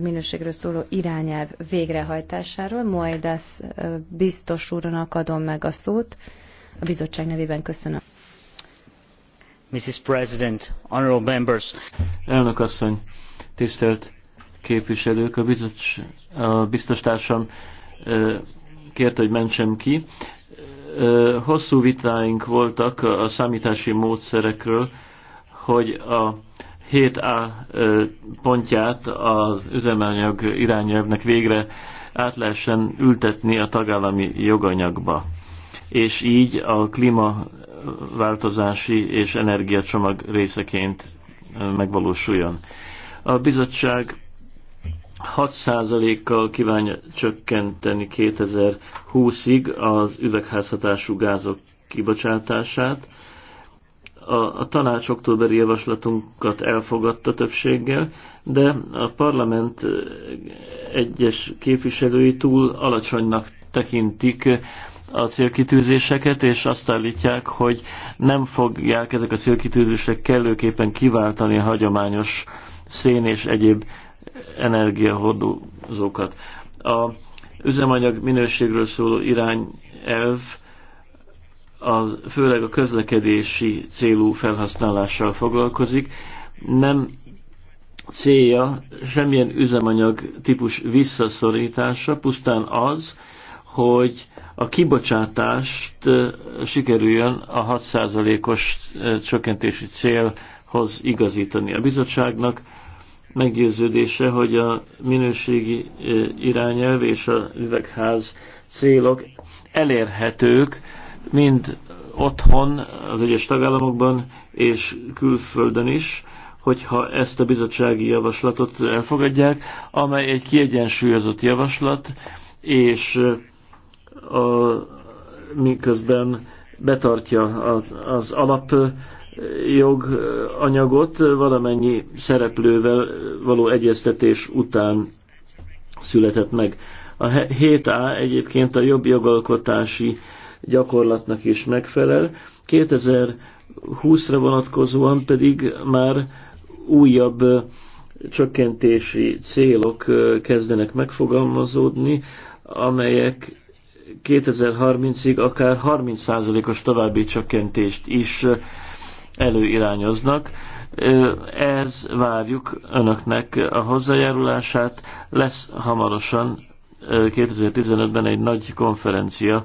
minőségről szóló irányelv végrehajtásáról. Majd ezt biztos úrnak adom meg a szót. A bizottság nevében köszönöm. Mrs. President, honorable members. Elnök asszony, tisztelt képviselők, a, bizots, a biztostársam kérte, hogy mentsem ki. Hosszú vitáink voltak a számítási módszerekről, hogy a 7A pontját az üzemanyag irányelvnek végre át lehessen ültetni a tagállami joganyagba. És így a klímaváltozási és energiacsomag részeként megvalósuljon. A bizottság 6%-kal kívánja csökkenteni 2020-ig az üvegházhatású gázok kibocsátását, a, a tanács októberi javaslatunkat elfogadta többséggel, de a parlament egyes képviselői túl alacsonynak tekintik a célkitűzéseket, és azt állítják, hogy nem fogják ezek a célkitűzések kellőképpen kiváltani a hagyományos szén és egyéb energiahordozókat. A üzemanyag minőségről szóló irányelv az, főleg a közlekedési célú felhasználással foglalkozik. Nem célja semmilyen üzemanyag típus visszaszorítása, pusztán az, hogy a kibocsátást sikerüljön a 6%-os csökkentési célhoz igazítani. A bizottságnak meggyőződése, hogy a minőségi irányelv és a üvegház célok elérhetők mind otthon, az egyes tagállamokban és külföldön is, hogyha ezt a bizottsági javaslatot elfogadják, amely egy kiegyensúlyozott javaslat, és a, miközben betartja az alap joganyagot valamennyi szereplővel való egyeztetés után született meg. A 7A egyébként a jobb jogalkotási gyakorlatnak is megfelel. 2020-ra vonatkozóan pedig már újabb csökkentési célok kezdenek megfogalmazódni, amelyek 2030-ig akár 30%-os további csökkentést is előirányoznak. Ez várjuk önöknek a hozzájárulását. Lesz hamarosan 2015-ben egy nagy konferencia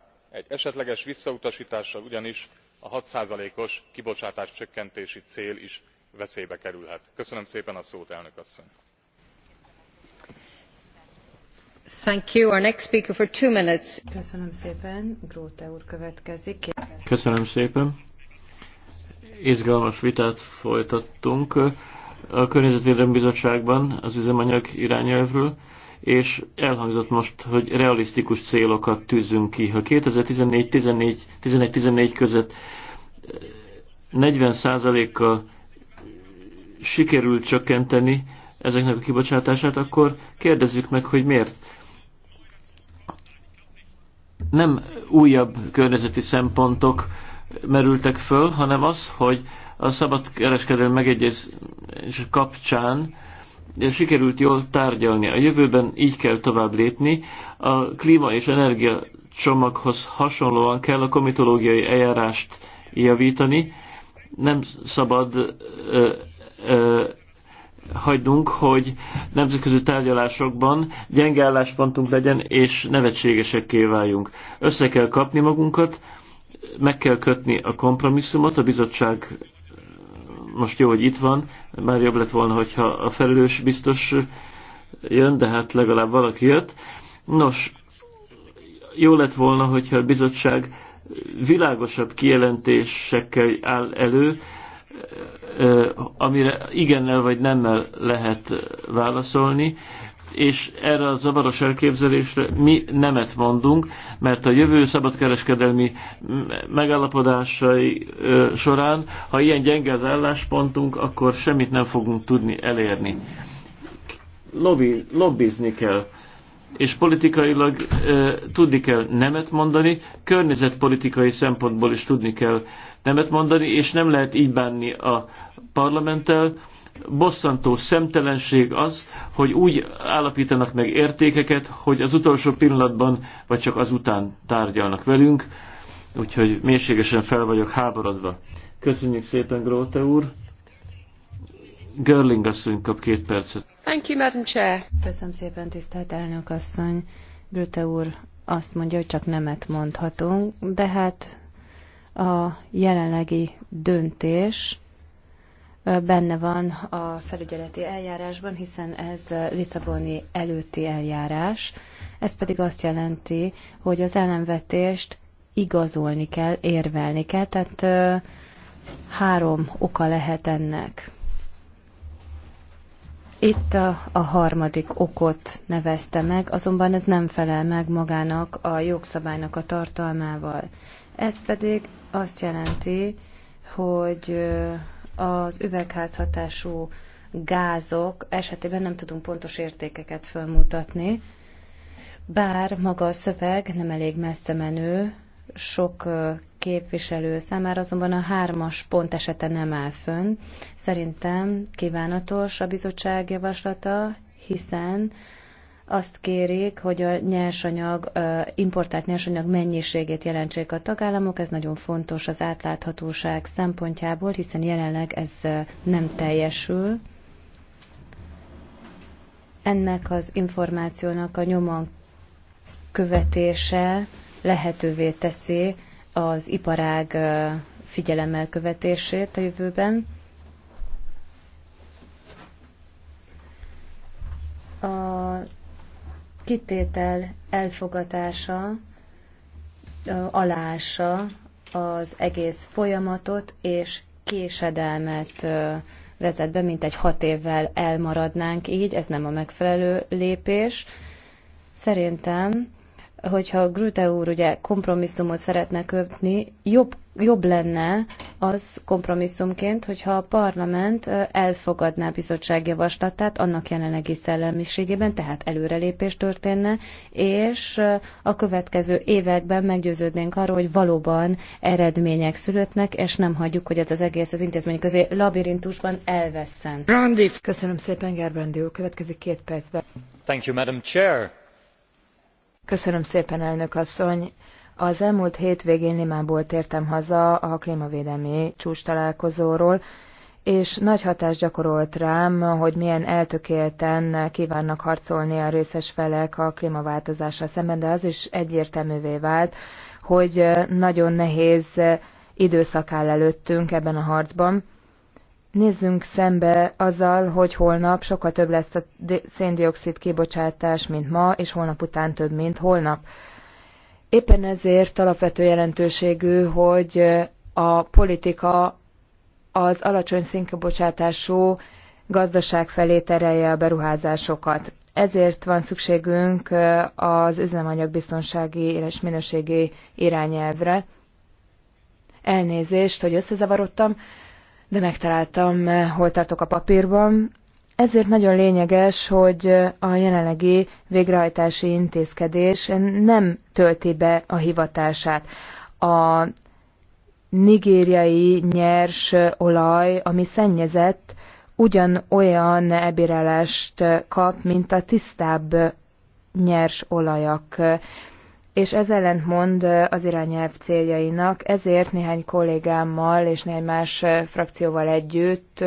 egy esetleges visszautastással ugyanis a six os kibocsátáscsökkentési cél is veszélybe kerülhet. köszönöm szépen a szót elnök asszony! izgalmas vitát folytattunk a környezetvédelmi bizottságban az üzemanyag irányelvről és elhangzott most, hogy realisztikus célokat tűzünk ki. Ha 2014-11-14 között 40%-kal eh, sikerült csökkenteni ezeknek a kibocsátását, akkor kérdezzük meg, hogy miért. Nem újabb környezeti szempontok merültek föl, hanem az, hogy a szabadkereskedelmi megegyezés kapcsán sikerült jól tárgyalni. A jövőben így kell tovább lépni. A klíma és energia csomaghoz hasonlóan kell a komitológiai eljárást javítani. Nem szabad ö, ö, hagynunk, hogy nemzetközi tárgyalásokban gyenge álláspontunk legyen, és nevetségesekké váljunk. Össze kell kapni magunkat, meg kell kötni a kompromisszumot, a bizottság most jó, hogy itt van, már jobb lett volna, hogyha a felelős biztos jön, de hát legalább valaki jött. Nos, jó lett volna, hogyha a bizottság világosabb kijelentésekkel áll elő, eh, amire igennel vagy nemmel lehet válaszolni és erre a zavaros elképzelésre mi nemet mondunk, mert a jövő szabadkereskedelmi megállapodásai során, ha ilyen gyenge az álláspontunk, akkor semmit nem fogunk tudni elérni. Lobby, lobbizni kell, és politikailag e, tudni kell nemet mondani, környezetpolitikai szempontból is tudni kell nemet mondani, és nem lehet így bánni a parlamenttel, bosszantó szemtelenség az, hogy úgy állapítanak meg értékeket, hogy az utolsó pillanatban, vagy csak azután tárgyalnak velünk, úgyhogy mélységesen fel vagyok háborodva. Köszönjük szépen, Gróte úr! Görling asszony kap két percet. Thank you, Madam Chair. Köszönöm szépen, tisztelt elnök asszony. Gróte úr azt mondja, hogy csak nemet mondhatunk, de hát a jelenlegi döntés benne van a felügyeleti eljárásban, hiszen ez Lisszaboni előtti eljárás. Ez pedig azt jelenti, hogy az ellenvetést igazolni kell, érvelni kell, tehát három oka lehet ennek. Itt a, a harmadik okot nevezte meg, azonban ez nem felel meg magának a jogszabálynak a tartalmával. Ez pedig azt jelenti, hogy az üvegházhatású gázok esetében nem tudunk pontos értékeket felmutatni, bár maga a szöveg nem elég messze menő, sok képviselő számára azonban a hármas pont esete nem áll fönn. Szerintem kívánatos a bizottság javaslata, hiszen azt kérik, hogy a nyersanyag, importált nyersanyag mennyiségét jelentsék a tagállamok. Ez nagyon fontos az átláthatóság szempontjából, hiszen jelenleg ez nem teljesül. Ennek az információnak a nyomon követése lehetővé teszi az iparág figyelemmel követését a jövőben. A kitétel elfogatása alása az egész folyamatot, és késedelmet vezet be, mint egy hat évvel elmaradnánk így, ez nem a megfelelő lépés. Szerintem hogyha Grüte úr ugye kompromisszumot szeretne köpni, jobb, jobb lenne az kompromisszumként, hogyha a parlament elfogadná a bizottság javaslatát annak jelenlegi szellemiségében, tehát előrelépés történne, és a következő években meggyőződnénk arról, hogy valóban eredmények születnek, és nem hagyjuk, hogy ez az egész az intézmény közé labirintusban elveszen. Brandi. Köszönöm szépen, Gerbrandi úr. Következik két percben. Thank you, Madam Chair. Köszönöm szépen, elnök asszony. Az elmúlt hétvégén Limából tértem haza a klímavédelmi csúcs találkozóról, és nagy hatást gyakorolt rám, hogy milyen eltökélten kívánnak harcolni a részes felek a klímaváltozással szemben, de az is egyértelművé vált, hogy nagyon nehéz időszak áll előttünk ebben a harcban. Nézzünk szembe azzal, hogy holnap sokkal több lesz a széndiokszid kibocsátás, mint ma, és holnap után több, mint holnap. Éppen ezért alapvető jelentőségű, hogy a politika az alacsony szénkibocsátású gazdaság felé terelje a beruházásokat. Ezért van szükségünk az üzemanyagbiztonsági és minőségi irányelvre. Elnézést, hogy összezavarodtam de megtaláltam, eh, hol tartok a papírban. Ezért nagyon lényeges, hogy eh, a jelenlegi végrehajtási intézkedés nem tölti be a hivatását. A nigériai nyers eh, olaj, ami szennyezett, ugyanolyan ebérelést kap, mint a tisztább nyers olajak és ez ellentmond az irányelv céljainak, ezért néhány kollégámmal és néhány más frakcióval együtt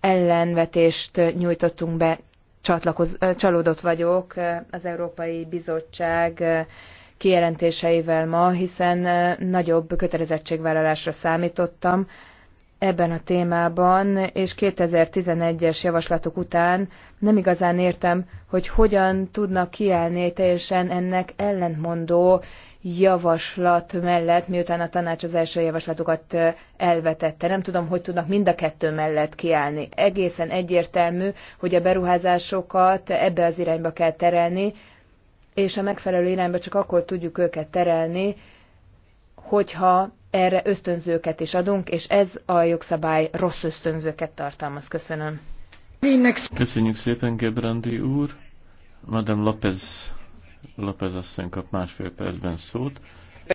ellenvetést nyújtottunk be. Csatlakoz, csalódott vagyok az Európai Bizottság kijelentéseivel ma, hiszen nagyobb kötelezettségvállalásra számítottam, ebben a témában, és 2011-es javaslatok után nem igazán értem, hogy hogyan tudnak kiállni teljesen ennek ellentmondó javaslat mellett, miután a tanács az első javaslatokat elvetette. Nem tudom, hogy tudnak mind a kettő mellett kiállni. Egészen egyértelmű, hogy a beruházásokat ebbe az irányba kell terelni, és a megfelelő irányba csak akkor tudjuk őket terelni, hogyha erre ösztönzőket is adunk, és ez a jogszabály rossz ösztönzőket tartalmaz. Köszönöm. Köszönjük szépen, Gebrandi úr. Madame López, López asszony kap másfél percben szót.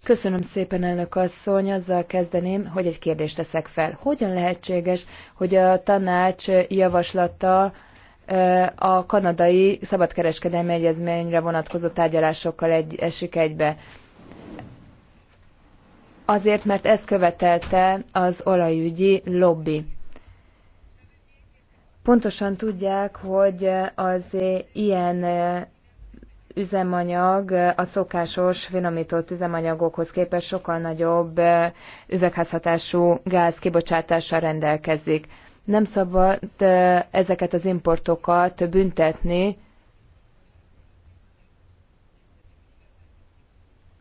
Köszönöm szépen, elnök asszony. Azzal kezdeném, hogy egy kérdést teszek fel. Hogyan lehetséges, hogy a tanács javaslata eh, a kanadai szabadkereskedelmi egyezményre vonatkozó tárgyalásokkal egy, esik egybe? azért, mert ezt követelte az olajügyi lobby. Pontosan tudják, hogy az ilyen üzemanyag a szokásos finomított üzemanyagokhoz képest sokkal nagyobb üvegházhatású gáz kibocsátással rendelkezik. Nem szabad ezeket az importokat büntetni,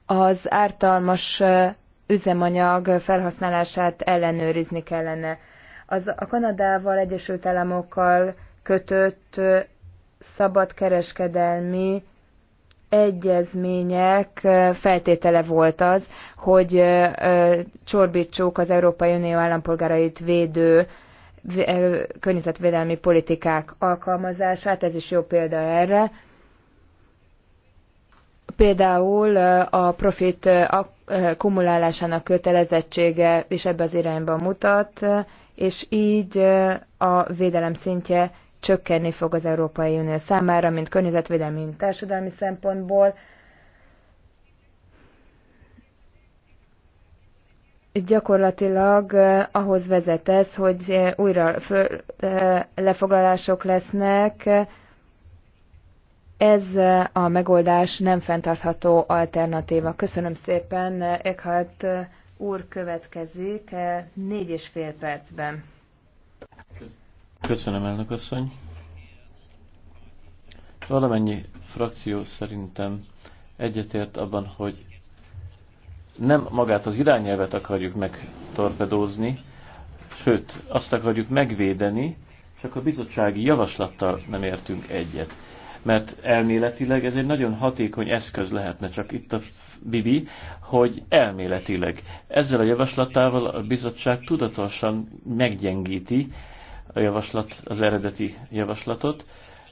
az ártalmas üzemanyag felhasználását ellenőrizni kellene. Az a Kanadával, Egyesült Államokkal kötött szabadkereskedelmi egyezmények feltétele volt az, hogy csorbítsuk az Európai Unió állampolgárait védő környezetvédelmi politikák alkalmazását, ez is jó példa erre. Például a profit kumulálásának kötelezettsége is ebbe az irányba mutat, és így a védelem szintje csökkenni fog az Európai Unió számára, mint környezetvédelmi, mint társadalmi szempontból. Gyakorlatilag ahhoz vezet ez, hogy újra föl, lefoglalások lesznek, ez a megoldás nem fenntartható alternatíva. Köszönöm szépen, Eckhart úr következik eh, négy és fél percben. Köszönöm, elnök asszony. Valamennyi frakció szerintem egyetért abban, hogy nem magát az irányelvet akarjuk megtorpedózni, sőt, azt akarjuk megvédeni, csak a bizottsági javaslattal nem értünk egyet mert elméletileg ez egy nagyon hatékony eszköz lehetne, csak itt a Bibi, hogy elméletileg ezzel a javaslatával a bizottság tudatosan meggyengíti a javaslat, az eredeti javaslatot,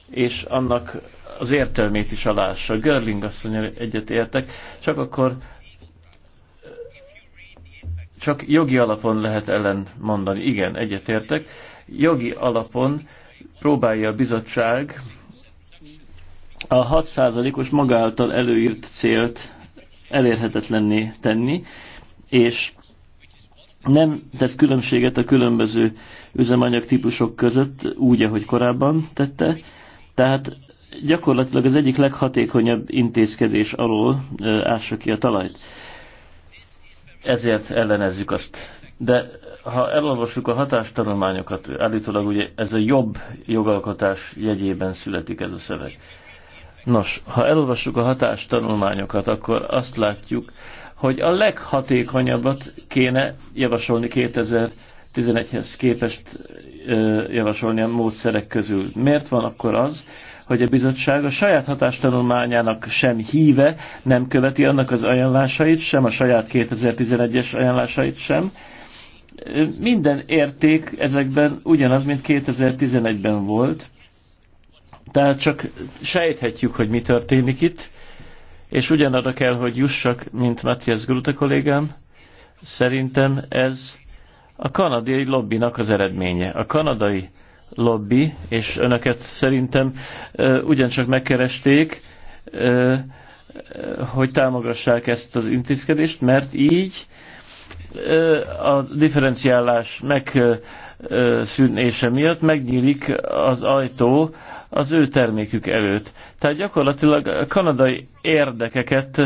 és annak az értelmét is alássa. Görling asszony egyet értek, csak akkor csak jogi alapon lehet ellen mondani. Igen, egyetértek. Jogi alapon próbálja a bizottság a 6%-os magáltal előírt célt elérhetetlenné tenni, és nem tesz különbséget a különböző üzemanyag típusok között, úgy, ahogy korábban tette. Tehát gyakorlatilag az egyik leghatékonyabb intézkedés alól ássa ki a talajt. Ezért ellenezzük azt. De ha elolvassuk a hatástanulmányokat, állítólag ugye ez a jobb jogalkotás jegyében születik ez a szöveg. Nos, ha elolvassuk a hatástanulmányokat, akkor azt látjuk, hogy a leghatékonyabbat kéne javasolni 2011-hez képest javasolni a módszerek közül. Miért van akkor az, hogy a bizottság a saját hatástanulmányának sem híve nem követi annak az ajánlásait, sem a saját 2011-es ajánlásait sem. Minden érték ezekben ugyanaz, mint 2011-ben volt, tehát csak sejthetjük, hogy mi történik itt, és ugyanada kell, hogy jussak, mint Matthias Gruta kollégám. Szerintem ez a kanadai lobbynak az eredménye. A kanadai lobby, és önöket szerintem uh, ugyancsak megkeresték, uh, hogy támogassák ezt az intézkedést, mert így a differenciálás megszűnése miatt megnyílik az ajtó az ő termékük előtt. Tehát gyakorlatilag kanadai érdekeket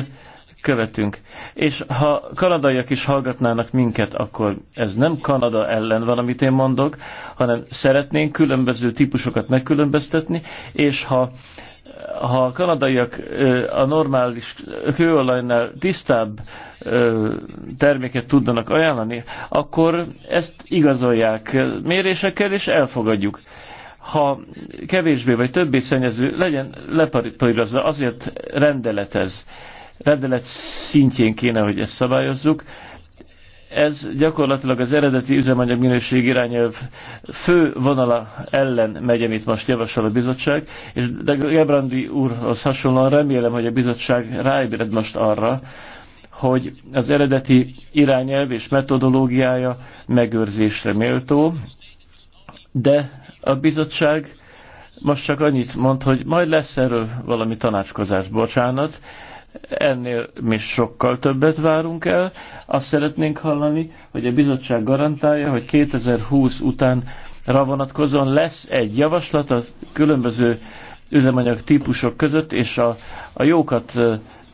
követünk. És ha kanadaiak is hallgatnának minket, akkor ez nem Kanada ellen van, amit én mondok, hanem szeretnénk különböző típusokat megkülönböztetni, és ha ha a kanadaiak a normális kőolajnál tisztább terméket tudnak ajánlani, akkor ezt igazolják mérésekkel, és elfogadjuk ha kevésbé vagy többé szennyező, legyen leparipírozva, azért rendeletez. Rendelet szintjén kéne, hogy ezt szabályozzuk. Ez gyakorlatilag az eredeti üzemanyag minőség irányelv fő vonala ellen megy, amit most javasol a bizottság, és de Gebrandi úrhoz hasonlóan remélem, hogy a bizottság ráébred most arra, hogy az eredeti irányelv és metodológiája megőrzésre méltó, de a bizottság most csak annyit mond, hogy majd lesz erről valami tanácskozás, bocsánat. Ennél mi sokkal többet várunk el. Azt szeretnénk hallani, hogy a bizottság garantálja, hogy 2020 után vonatkozóan lesz egy javaslat a különböző üzemanyag típusok között, és a, a jókat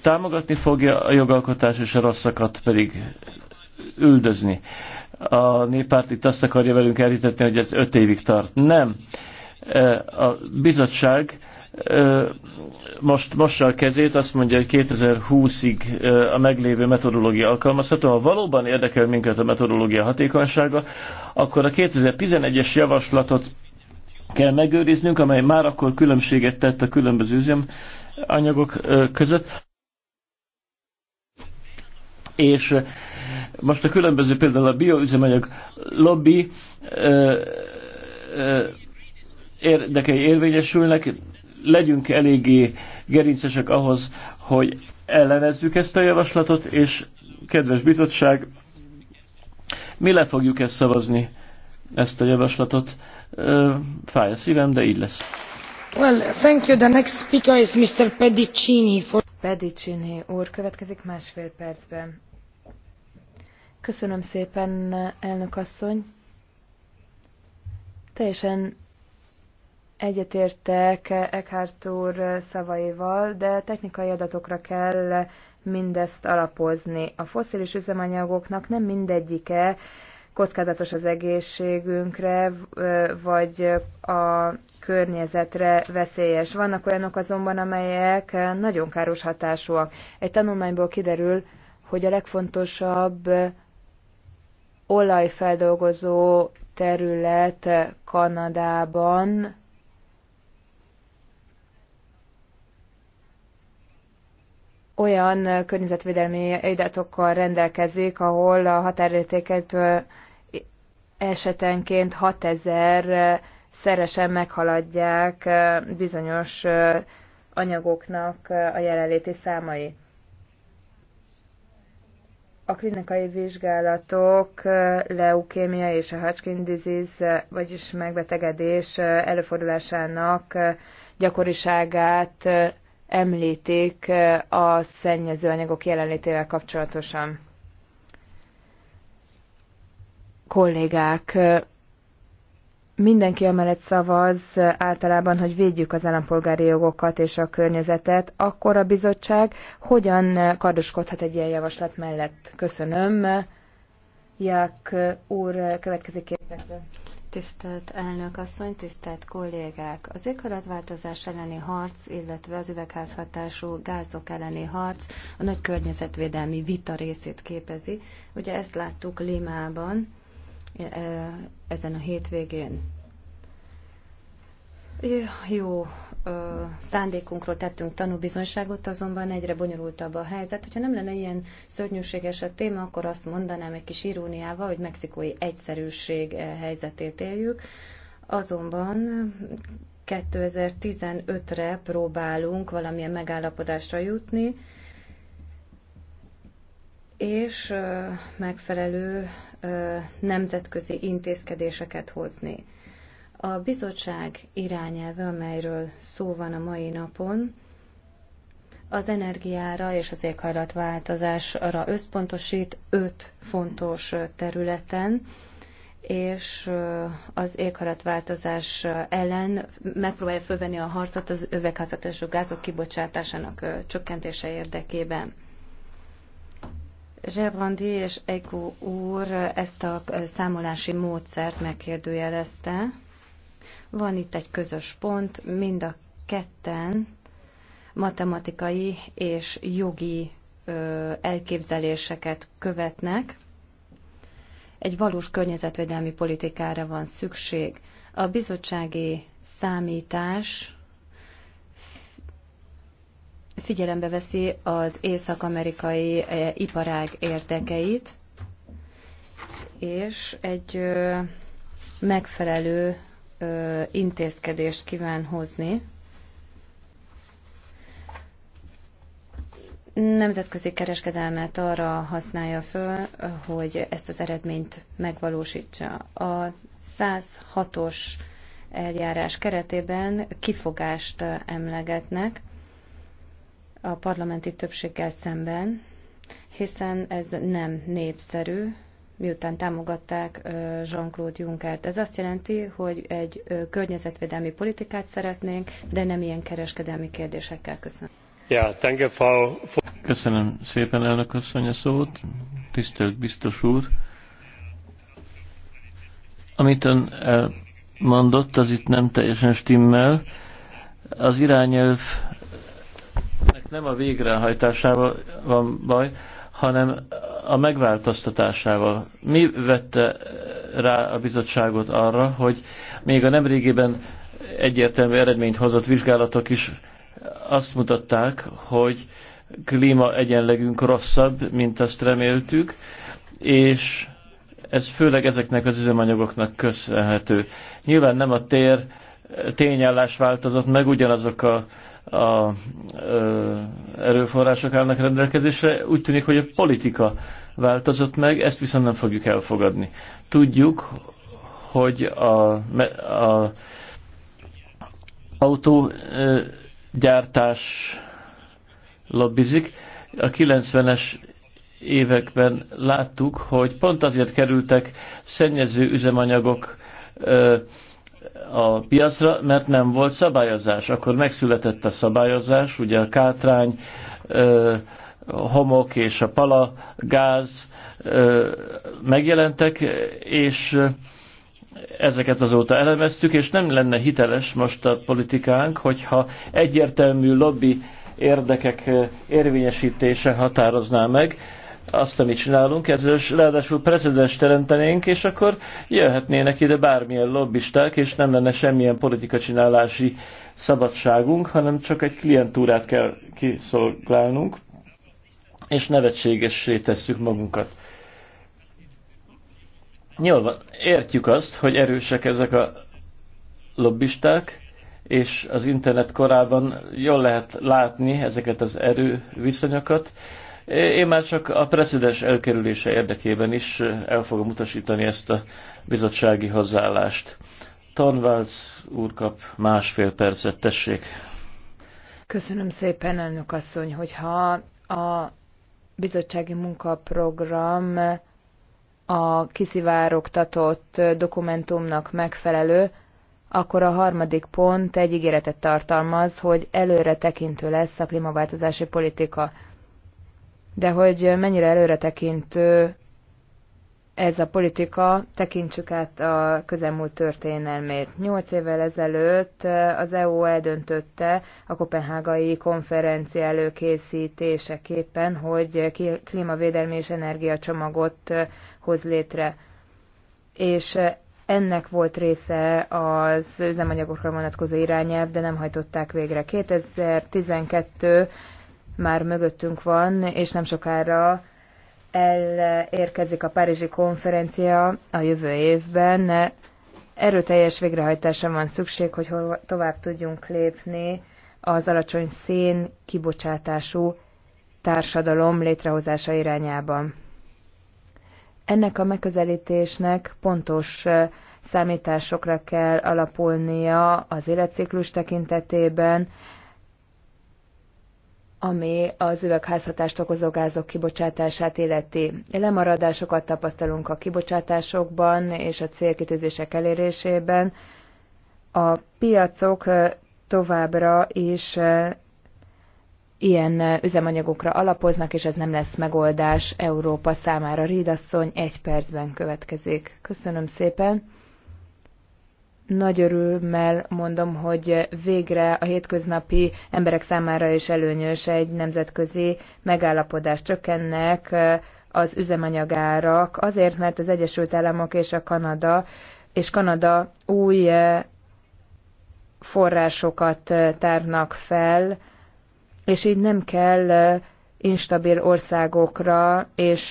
támogatni fogja, a jogalkotás és a rosszakat pedig üldözni. A néppárt itt azt akarja velünk elhitetni, hogy ez öt évig tart. Nem. A bizottság most mossa a kezét, azt mondja, hogy 2020-ig a meglévő metodológia alkalmazható. Ha valóban érdekel minket a metodológia hatékonysága, akkor a 2011-es javaslatot kell megőriznünk, amely már akkor különbséget tett a különböző üzemanyagok anyagok között. És most a különböző például a bioüzemanyag lobby ö, ö, érdekei érvényesülnek, legyünk eléggé gerincesek ahhoz, hogy ellenezzük ezt a javaslatot, és kedves bizottság, mi le fogjuk ezt szavazni, ezt a javaslatot. Fáj a szívem, de így lesz. Well, thank you. The next speaker is Mr. Pedicini. For... Pedicini úr, következik másfél percben. Köszönöm szépen, elnök asszony. Teljesen egyetértek Eckhart úr szavaival, de technikai adatokra kell mindezt alapozni. A foszilis üzemanyagoknak nem mindegyike kockázatos az egészségünkre, vagy a környezetre veszélyes. Vannak olyanok azonban, amelyek nagyon káros hatásúak. Egy tanulmányból kiderül, hogy a legfontosabb olajfeldolgozó terület Kanadában olyan környezetvédelmi adatokkal rendelkezik, ahol a határértéket esetenként 6000 szeresen meghaladják bizonyos anyagoknak a jelenléti számai a klinikai vizsgálatok leukémia és a Hodgkin disease, vagyis megbetegedés előfordulásának gyakoriságát említik a szennyező anyagok jelenlétével kapcsolatosan. Kollégák, mindenki amellett szavaz általában, hogy védjük az állampolgári jogokat és a környezetet, akkor a bizottság hogyan kardoskodhat egy ilyen javaslat mellett? Köszönöm. Ják úr, következik kérdésre. Tisztelt elnök asszony, tisztelt kollégák! Az éghajlatváltozás elleni harc, illetve az üvegházhatású gázok elleni harc a nagy környezetvédelmi vita részét képezi. Ugye ezt láttuk Limában, ezen a hétvégén. Jó szándékunkról tettünk tanúbizonyságot, azonban egyre bonyolultabb a helyzet. Hogyha nem lenne ilyen szörnyűséges a téma, akkor azt mondanám egy kis iróniával, hogy mexikói egyszerűség eh, helyzetét éljük. Azonban 2015-re próbálunk valamilyen megállapodásra jutni, és megfelelő nemzetközi intézkedéseket hozni. A bizottság irányelve, amelyről szó van a mai napon, az energiára és az éghajlatváltozásra összpontosít öt fontos területen, és az éghajlatváltozás ellen megpróbálja fölvenni a harcot az üvegházatású gázok kibocsátásának csökkentése érdekében. Zserbrandi és Eko úr ezt a számolási módszert megkérdőjelezte. Van itt egy közös pont, mind a ketten matematikai és jogi elképzeléseket követnek. Egy valós környezetvédelmi politikára van szükség. A bizottsági számítás figyelembe veszi az észak-amerikai eh, iparág érdekeit, és egy megfelelő intézkedést kíván hozni. Nemzetközi kereskedelmet arra használja föl, hogy ezt az eredményt megvalósítsa. A 106-os eljárás keretében kifogást emlegetnek, a parlamenti többséggel szemben, hiszen ez nem népszerű, miután támogatták Jean-Claude Junckert. Ez azt jelenti, hogy egy környezetvédelmi politikát szeretnénk, de nem ilyen kereskedelmi kérdésekkel. Köszönöm. Ja, danke, Köszönöm szépen, elnök asszony, a szót. Tisztelt biztos úr. Amit ön mondott, az itt nem teljesen stimmel. Az irányelv nem a végrehajtásával van baj, hanem a megváltoztatásával. Mi vette rá a bizottságot arra, hogy még a nemrégiben egyértelmű eredményt hozott vizsgálatok is azt mutatták, hogy klíma egyenlegünk rosszabb, mint azt reméltük, és ez főleg ezeknek az üzemanyagoknak köszönhető. Nyilván nem a tér tényállás változott, meg ugyanazok a a ö, erőforrások állnak rendelkezésre, úgy tűnik, hogy a politika változott meg, ezt viszont nem fogjuk elfogadni. Tudjuk, hogy a, a autógyártás lobbizik. A 90-es években láttuk, hogy pont azért kerültek szennyező üzemanyagok ö, a piacra, mert nem volt szabályozás. Akkor megszületett a szabályozás, ugye a kátrány, homok és a pala gáz megjelentek, és ezeket azóta elemeztük, és nem lenne hiteles most a politikánk, hogyha egyértelmű lobby érdekek érvényesítése határozná meg, azt, amit csinálunk, ezzel ráadásul precedens teremtenénk, és akkor jöhetnének ide bármilyen lobbisták, és nem lenne semmilyen politika csinálási szabadságunk, hanem csak egy klientúrát kell kiszolgálnunk, és nevetségessé tesszük magunkat. Jól van, értjük azt, hogy erősek ezek a lobbisták, és az internet korában jól lehet látni ezeket az erő viszonyokat, én már csak a precedens elkerülése érdekében is el fogom utasítani ezt a bizottsági hozzáállást. Tanvalc úr kap másfél percet, tessék. Köszönöm szépen, elnök asszony, hogyha a bizottsági munkaprogram a kiszivárogtatott dokumentumnak megfelelő, akkor a harmadik pont egy ígéretet tartalmaz, hogy előre tekintő lesz a klímaváltozási politika de hogy mennyire előretekintő ez a politika, tekintsük át a közelmúlt történelmét. Nyolc évvel ezelőtt eh, az EU eldöntötte a kopenhágai konferencia előkészítéseképpen, hogy klímavédelmi és energiacsomagot eh, hoz létre. És eh, ennek volt része az üzemanyagokra vonatkozó irányelv, de nem hajtották végre. 2012 már mögöttünk van, és nem sokára elérkezik a Párizsi konferencia a jövő évben. Erőteljes végrehajtásra van szükség, hogy tovább tudjunk lépni az alacsony szén kibocsátású társadalom létrehozása irányában. Ennek a megközelítésnek pontos számításokra kell alapulnia az életciklus tekintetében, ami az üvegházhatást okozó gázok kibocsátását illeti. Lemaradásokat tapasztalunk a kibocsátásokban és a célkitűzések elérésében. A piacok továbbra is ilyen üzemanyagokra alapoznak, és ez nem lesz megoldás Európa számára. Rídasszony egy percben következik. Köszönöm szépen nagy örülmel mondom, hogy végre a hétköznapi emberek számára is előnyös egy nemzetközi megállapodás. Csökkennek eh, az üzemanyagárak azért, mert az Egyesült Államok és a Kanada és Kanada új eh, forrásokat eh, tárnak fel, és így nem kell instabil országokra és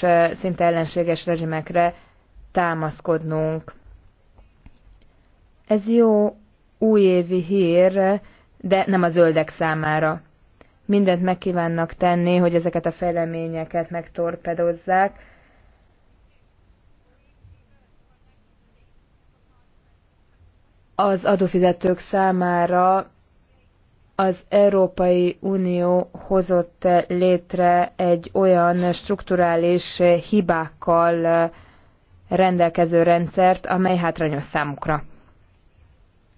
szinte ellenséges rezsimekre támaszkodnunk. Ez jó újévi hír, de nem a zöldek számára. Mindent megkívánnak tenni, hogy ezeket a fejleményeket megtorpedozzák. Az adófizetők számára az Európai Unió hozott létre egy olyan strukturális hibákkal rendelkező rendszert, amely hátrányos számukra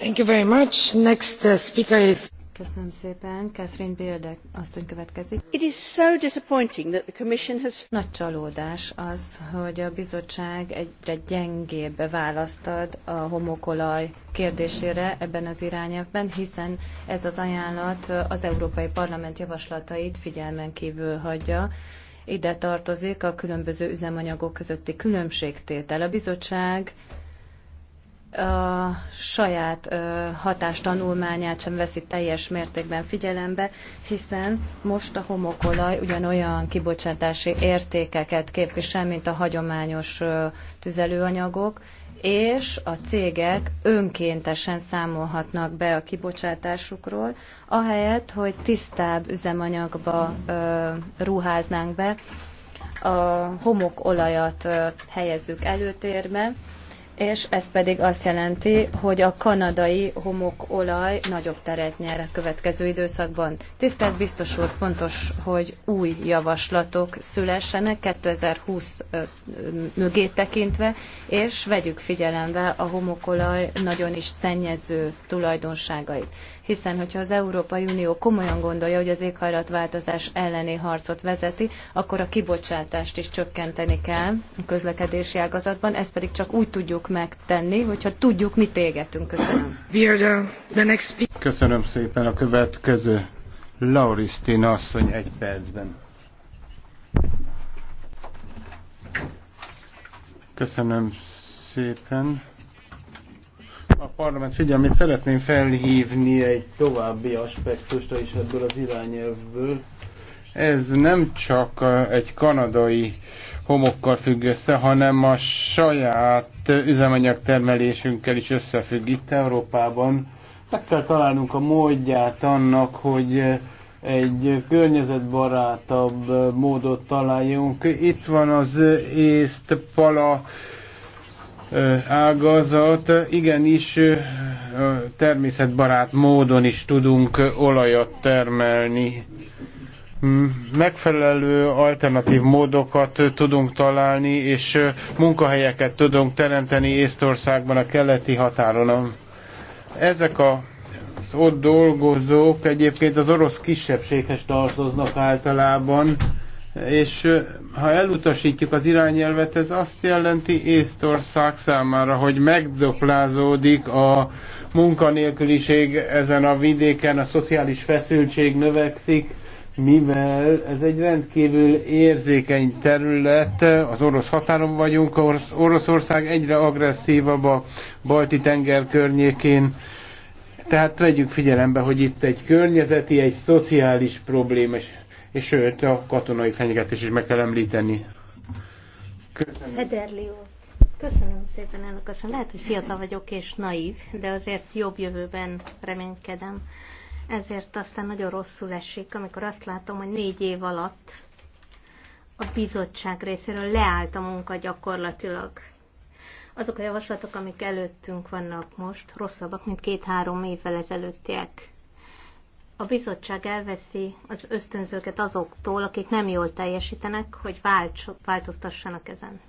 Uh, Köszönöm szépen. Catherine következik. is Nagy csalódás az, hogy a bizottság egyre gyengébb választ ad a homokolaj kérdésére ebben az irányelvben, hiszen ez az ajánlat az Európai Parlament javaslatait figyelmen kívül hagyja. Ide tartozik a különböző üzemanyagok közötti különbségtétel. A bizottság a saját hatástanulmányát sem veszi teljes mértékben figyelembe, hiszen most a homokolaj ugyanolyan kibocsátási értékeket képvisel, mint a hagyományos tüzelőanyagok, és a cégek önkéntesen számolhatnak be a kibocsátásukról, ahelyett, hogy tisztább üzemanyagba ö, ruháznánk be, a homokolajat helyezzük előtérbe, és ez pedig azt jelenti, hogy a kanadai homokolaj nagyobb teret nyer a következő időszakban. Tisztelt biztos úr, fontos, hogy új javaslatok szülessenek 2020 mögé tekintve, és vegyük figyelembe a homokolaj nagyon is szennyező tulajdonságait. Hiszen, hogyha az Európai Unió komolyan gondolja, hogy az éghajlatváltozás elleni harcot vezeti, akkor a kibocsátást is csökkenteni kell a közlekedési ágazatban, ezt pedig csak úgy tudjuk tudunk megtenni, hogyha tudjuk, mit égetünk. Köszönöm. Köszönöm szépen a következő. Laurisztin asszony egy percben. Köszönöm szépen. A parlament figyelmét szeretném felhívni egy további aspektusra is ebből az irányelvből. Ez nem csak egy kanadai homokkal függ össze, hanem a saját üzemanyag termelésünkkel is összefügg itt Európában. Meg kell találnunk a módját annak, hogy egy környezetbarátabb módot találjunk. Itt van az észt pala ágazat, igenis természetbarát módon is tudunk olajat termelni megfelelő alternatív módokat tudunk találni, és munkahelyeket tudunk teremteni Észtországban a keleti határon. Ezek a az ott dolgozók egyébként az orosz kisebbséghez tartoznak általában, és ha elutasítjuk az irányelvet, ez azt jelenti Észtország számára, hogy megdoplázódik a munkanélküliség ezen a vidéken, a szociális feszültség növekszik, mivel ez egy rendkívül érzékeny terület, az orosz határon vagyunk, Orosz, Oroszország egyre agresszívabb a balti tenger környékén, tehát vegyük figyelembe, hogy itt egy környezeti, egy szociális probléma, és sőt a katonai fenyegetés is meg kell említeni. Köszönöm. Ederlió. Köszönöm szépen, elnök asszony. Lehet, hogy fiatal vagyok és naív, de azért jobb jövőben reménykedem. Ezért aztán nagyon rosszul esik, amikor azt látom, hogy négy év alatt a bizottság részéről leállt a munka gyakorlatilag. Azok a javaslatok, amik előttünk vannak most, rosszabbak, mint két-három évvel ezelőttiek. A bizottság elveszi az ösztönzőket azoktól, akik nem jól teljesítenek, hogy változtassanak ezen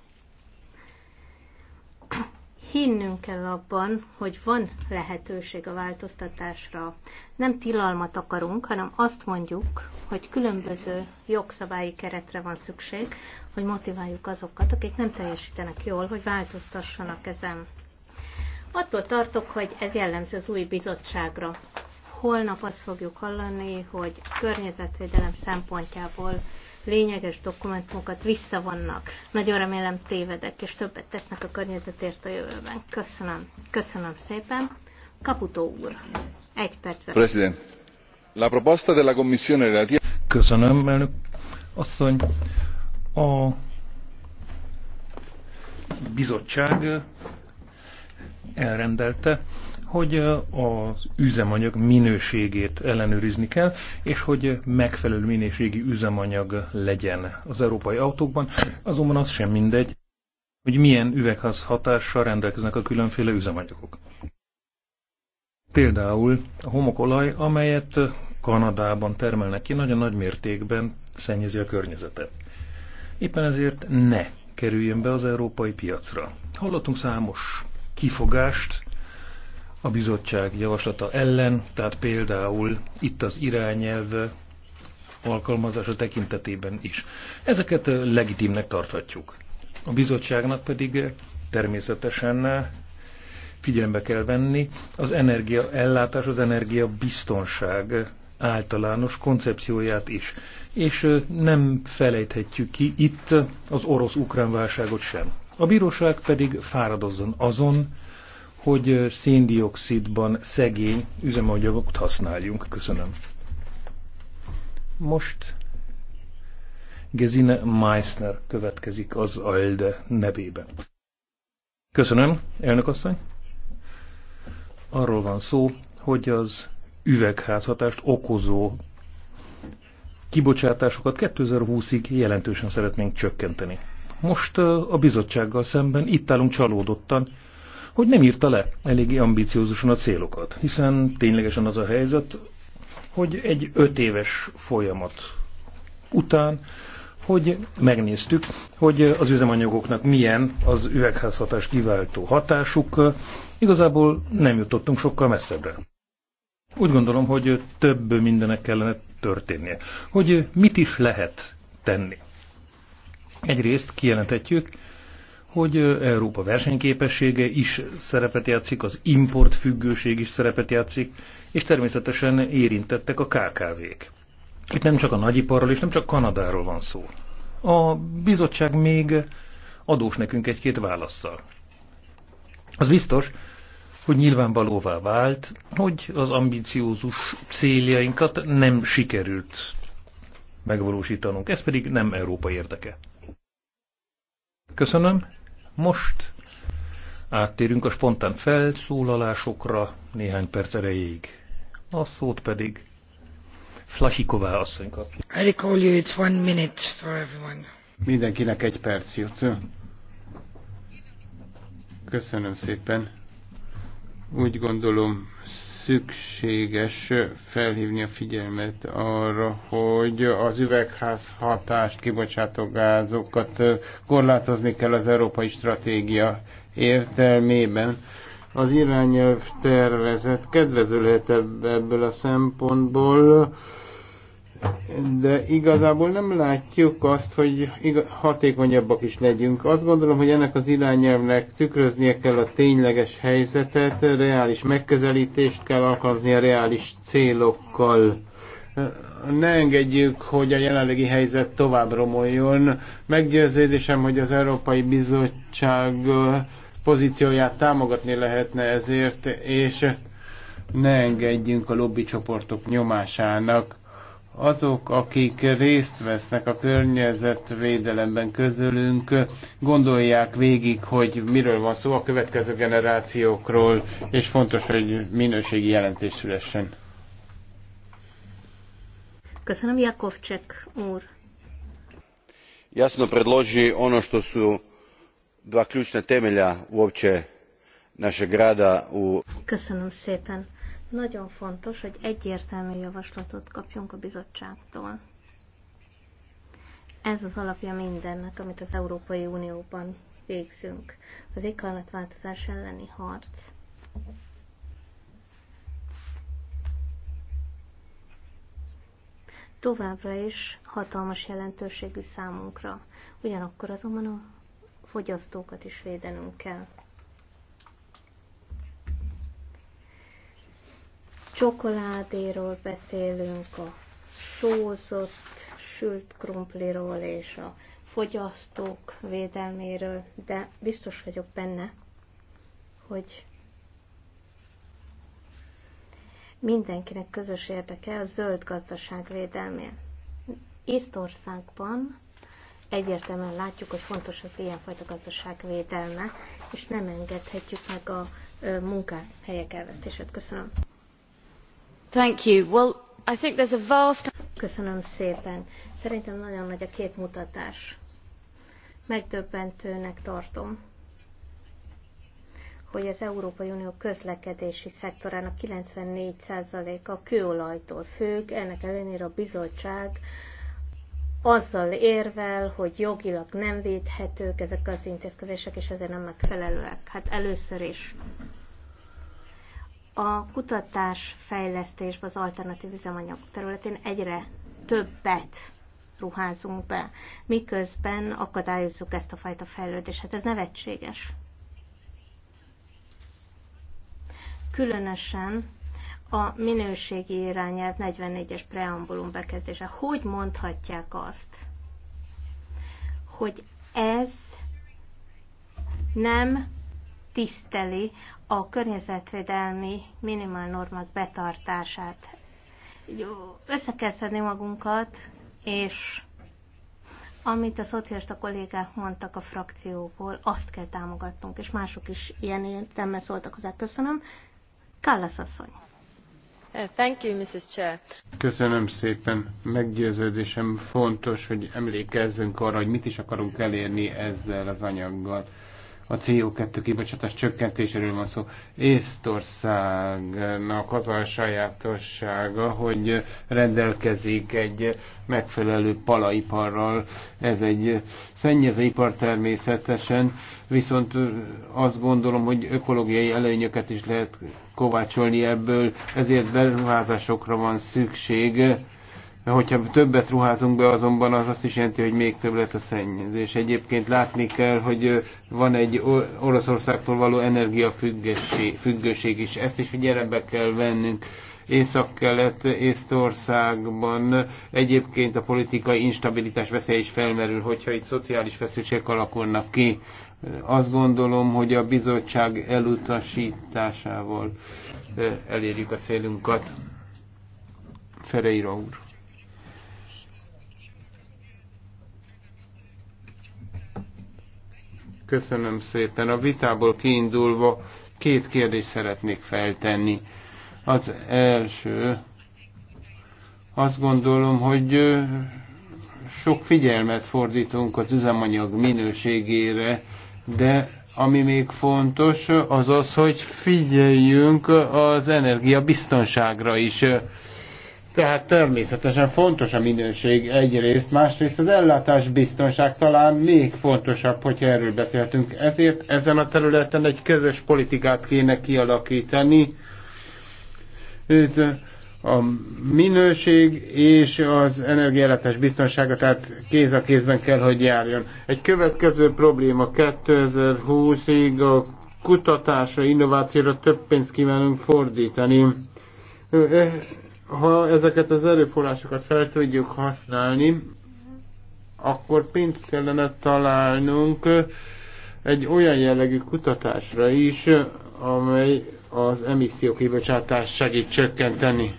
hinnünk kell abban, hogy van lehetőség a változtatásra. Nem tilalmat akarunk, hanem azt mondjuk, hogy különböző jogszabályi keretre van szükség, hogy motiváljuk azokat, akik nem teljesítenek jól, hogy változtassanak ezen. Attól tartok, hogy ez jellemző az új bizottságra. Holnap azt fogjuk hallani, hogy környezetvédelem szempontjából lényeges dokumentumokat visszavonnak. Nagyon remélem tévedek, és többet tesznek a környezetért a jövőben. Köszönöm. Köszönöm szépen. Kaputó úr. Egy perc. President. La proposta della Commissione relativa... Köszönöm, elnök asszony. A bizottság elrendelte, hogy az üzemanyag minőségét ellenőrizni kell, és hogy megfelelő minőségi üzemanyag legyen az európai autókban. Azonban az sem mindegy, hogy milyen üvegház hatással rendelkeznek a különféle üzemanyagok. Például a homokolaj, amelyet Kanadában termelnek ki, nagyon nagy mértékben szennyezi a környezetet. Éppen ezért ne kerüljön be az európai piacra. Hallottunk számos kifogást, a bizottság javaslata ellen, tehát például itt az irányelv alkalmazása tekintetében is. Ezeket legitimnek tarthatjuk. A bizottságnak pedig természetesen figyelembe kell venni az energia ellátás, az energia biztonság általános koncepcióját is. És nem felejthetjük ki itt az orosz-ukrán válságot sem. A bíróság pedig fáradozzon azon, hogy széndiokszidban szegény üzemanyagokat használjunk. Köszönöm. Most Gesine Meissner következik az ALDE nevében. Köszönöm, elnök asszony. Arról van szó, hogy az üvegházhatást okozó kibocsátásokat 2020-ig jelentősen szeretnénk csökkenteni. Most a bizottsággal szemben itt állunk csalódottan, hogy nem írta le eléggé ambiciózusan a célokat, hiszen ténylegesen az a helyzet, hogy egy öt éves folyamat után, hogy megnéztük, hogy az üzemanyagoknak milyen az üvegházhatás kiváltó hatásuk, igazából nem jutottunk sokkal messzebbre. Úgy gondolom, hogy több mindenek kellene történnie. Hogy mit is lehet tenni. Egyrészt kijelenthetjük, hogy Európa versenyképessége is szerepet játszik, az importfüggőség is szerepet játszik, és természetesen érintettek a KKV-k. Itt nem csak a nagyiparról és nem csak Kanadáról van szó. A bizottság még adós nekünk egy-két válaszsal. Az biztos, hogy nyilvánvalóvá vált, hogy az ambiciózus céljainkat nem sikerült megvalósítanunk. Ez pedig nem Európa érdeke. Köszönöm. Most áttérünk a spontán felszólalásokra néhány perc erejéig. A szót pedig Flasikova asszony kapja. I recall you, it's one minute for everyone. Mindenkinek egy perc jut. Köszönöm szépen. Úgy gondolom, szükséges felhívni a figyelmet arra, hogy az üvegház hatást, kibocsátó gázokat korlátozni kell az európai stratégia értelmében. Az irányelv tervezet kedvező lehet ebből a szempontból, de igazából nem látjuk azt, hogy hatékonyabbak is legyünk. Azt gondolom, hogy ennek az irányelvnek tükröznie kell a tényleges helyzetet, reális megközelítést kell alkalmazni a reális célokkal. Ne engedjük, hogy a jelenlegi helyzet tovább romoljon. Meggyőződésem, hogy az Európai Bizottság pozícióját támogatni lehetne ezért, és ne engedjünk a lobbycsoportok nyomásának azok, akik részt vesznek a környezetvédelemben közülünk, gondolják végig, hogy miről van szó a következő generációkról, és fontos, hogy minőségi jelentés szülessen. Köszönöm, Jakovcsek úr. Jasno predloži ono što su dva ključna temelja uopće našeg grada u... Köszönöm szépen nagyon fontos, hogy egyértelmű javaslatot kapjunk a bizottságtól. Ez az alapja mindennek, amit az Európai Unióban végzünk. Az éghajlatváltozás elleni harc. továbbra is hatalmas jelentőségű számunkra. Ugyanakkor azonban a fogyasztókat is védenünk kell. csokoládéról beszélünk, a sózott sült krumpliról és a fogyasztók védelméről, de biztos vagyok benne, hogy mindenkinek közös érdeke a zöld gazdaság védelmén. Észtországban egyértelműen látjuk, hogy fontos az ilyenfajta gazdaság védelme, és nem engedhetjük meg a munkahelyek elvesztését. Köszönöm. Köszönöm szépen. Szerintem nagyon nagy a képmutatás. Megdöbbentőnek tartom, hogy az Európai Unió közlekedési szektorának 94%-a kőolajtól függ, ennek ellenére a bizottság azzal érvel, hogy jogilag nem védhetők ezek az intézkedések, és ezért nem megfelelőek. Hát először is a kutatás fejlesztésbe az alternatív üzemanyag területén egyre többet ruházunk be, miközben akadályozzuk ezt a fajta fejlődést. Hát ez nevetséges. Különösen a minőségi irányelv 44-es preambulum bekezdése. Hogy mondhatják azt, hogy ez nem tiszteli a környezetvédelmi normák betartását. Össze kell szedni magunkat, és amit a szocialista kollégák mondtak a frakcióból, azt kell támogatnunk, és mások is ilyen értelme szóltak hozzá. Köszönöm. Kallas asszony. Thank you, Mrs. Chair. Köszönöm szépen. Meggyőződésem fontos, hogy emlékezzünk arra, hogy mit is akarunk elérni ezzel az anyaggal a CO2 kibocsátás csökkentéséről van szó. Észtországnak az a sajátossága, hogy rendelkezik egy megfelelő palaiparral. Ez egy szennyezőipar természetesen, viszont azt gondolom, hogy ökológiai előnyöket is lehet kovácsolni ebből, ezért beruházásokra van szükség Hogyha többet ruházunk be azonban, az azt is jelenti, hogy még több lesz a szennyezés. Egyébként látni kell, hogy van egy Oroszországtól való energiafüggőség is. Ezt is figyelembe kell vennünk. Észak-Kelet, Észtországban egyébként a politikai instabilitás veszély is felmerül, hogyha itt szociális feszültségek alakulnak ki. Azt gondolom, hogy a bizottság elutasításával elérjük a célunkat. Ferreira úr. Köszönöm szépen. A vitából kiindulva két kérdést szeretnék feltenni. Az első, azt gondolom, hogy sok figyelmet fordítunk az üzemanyag minőségére, de ami még fontos, az az, hogy figyeljünk az energiabiztonságra is. Tehát természetesen fontos a minőség egyrészt, másrészt az ellátás biztonság talán még fontosabb, hogyha erről beszéltünk. Ezért ezen a területen egy közös politikát kéne kialakítani. Itt a minőség és az energiállátás biztonsága, tehát kéz a kézben kell, hogy járjon. Egy következő probléma 2020-ig a kutatásra, innovációra több pénzt kívánunk fordítani ha ezeket az erőforrásokat fel tudjuk használni, akkor pénzt kellene találnunk egy olyan jellegű kutatásra is, amely az emisszió kibocsátást segít csökkenteni.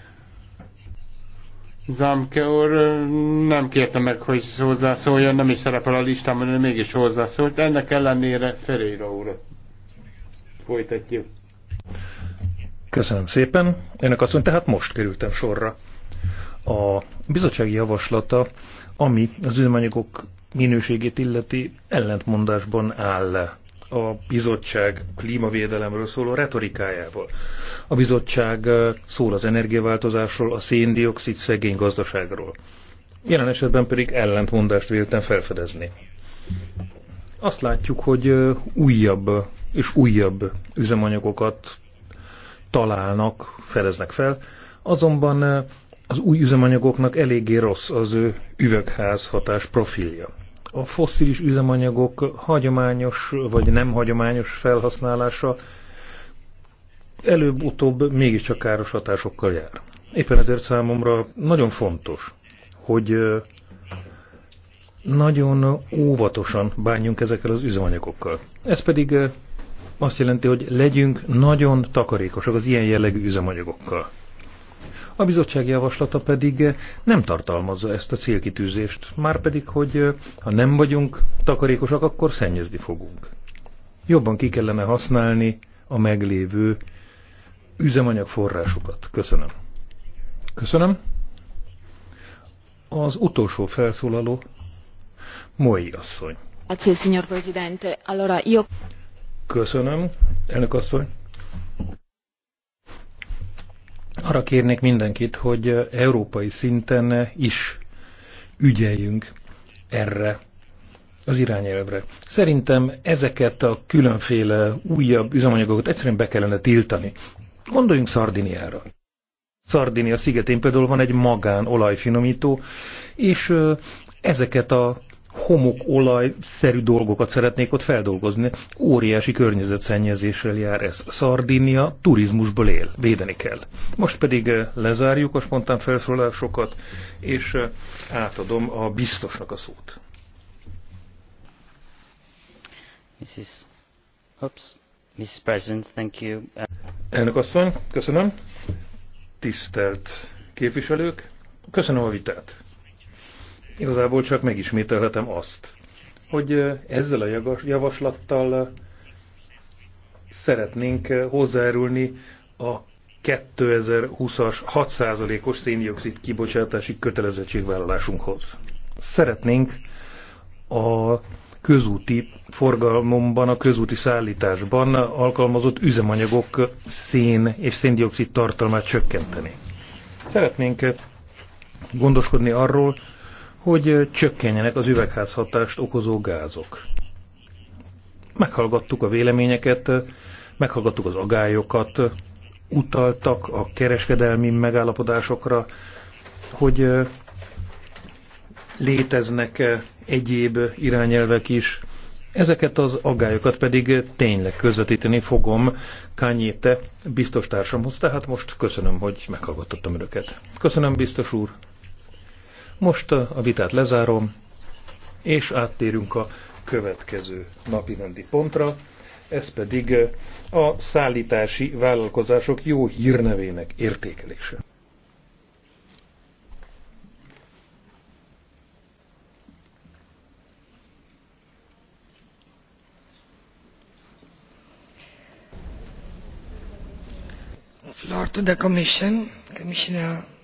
Zámke úr nem kérte meg, hogy hozzászóljon, nem is szerepel a listámon, de mégis hozzászólt. Ennek ellenére Ferreira úr. Folytatjuk. Köszönöm szépen. Önök azt mondja, tehát most kerültem sorra. A bizottsági javaslata, ami az üzemanyagok minőségét illeti, ellentmondásban áll a bizottság klímavédelemről szóló retorikájával. A bizottság szól az energiaváltozásról, a széndiokszid szegény gazdaságról. Jelen esetben pedig ellentmondást véltem felfedezni. Azt látjuk, hogy újabb és újabb üzemanyagokat találnak, feleznek fel, azonban eh, az új üzemanyagoknak eléggé rossz az üvegházhatás profilja. A fosszilis üzemanyagok hagyományos vagy nem hagyományos felhasználása előbb-utóbb mégiscsak káros hatásokkal jár. Éppen ezért számomra nagyon fontos, hogy eh, nagyon óvatosan bánjunk ezekkel az üzemanyagokkal. Ez pedig eh, azt jelenti, hogy legyünk nagyon takarékosak az ilyen jellegű üzemanyagokkal. A bizottság javaslata pedig eh, nem tartalmazza ezt a célkitűzést, márpedig, hogy eh, ha nem vagyunk takarékosak, akkor szennyezni fogunk. Jobban ki kellene használni a meglévő üzemanyag forrásokat. Köszönöm. Köszönöm. Az utolsó felszólaló Moi asszony. Grazie, signor Presidente. Allora, io... Köszönöm, elnök asszony. Arra kérnék mindenkit, hogy európai szinten is ügyeljünk erre az irányelvre. Szerintem ezeket a különféle újabb üzemanyagokat egyszerűen be kellene tiltani. Gondoljunk Szardiniára. Szardinia szigetén például van egy magán olajfinomító, és ezeket a homokolaj-szerű dolgokat szeretnék ott feldolgozni. Óriási környezetszennyezéssel jár ez. Szardinia turizmusból él, védeni kell. Most pedig eh, lezárjuk a spontán felszólásokat, és eh, átadom a biztosnak a szót. Mrs. Oops. Mrs. President, thank you. Elnök asszony, köszönöm. Tisztelt képviselők, köszönöm a vitát. Igazából csak megismételhetem azt, hogy ezzel a javaslattal szeretnénk hozzájárulni a 2020-as 6%-os széndiokszid kibocsátási kötelezettségvállalásunkhoz. Szeretnénk a közúti forgalomban, a közúti szállításban alkalmazott üzemanyagok szén és széndiokszid tartalmát csökkenteni. Szeretnénk gondoskodni arról, hogy csökkenjenek az üvegházhatást okozó gázok. Meghallgattuk a véleményeket, meghallgattuk az agályokat, utaltak a kereskedelmi megállapodásokra, hogy léteznek egyéb irányelvek is. Ezeket az agályokat pedig tényleg közvetíteni fogom Kányéte biztos társamhoz, tehát most köszönöm, hogy meghallgattam önöket. Köszönöm, biztos úr! Most a vitát lezárom, és áttérünk a következő rendi pontra, ez pedig a szállítási vállalkozások jó hírnevének értékelése. floor to the Commission. Commissioner